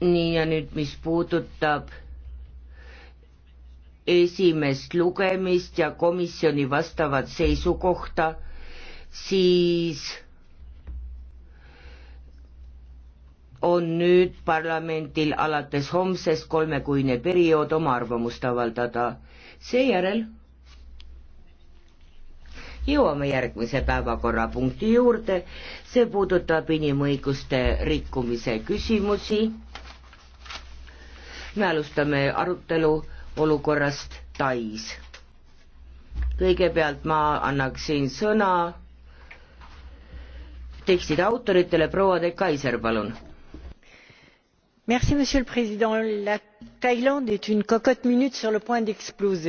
nii ja nüüd, mis puudutab esimest lugemist ja komisjoni vastavat seisukohta, siis on nüüd parlamendil alates homsest kolmekuine periood oma arvamust avaldada. seejärel jõuame järgmise päevakorrapunkti juurde, see puudutab inimõiguste rikkumise küsimusi me alustame arutelu olukorrast Tais. kõigepealt ma annaksin sõna tekstide autoritele, proua de Kaiser, palun. Merci, monsieur le président. La Thaïlande est une cocotte minute sur le point d'exploser.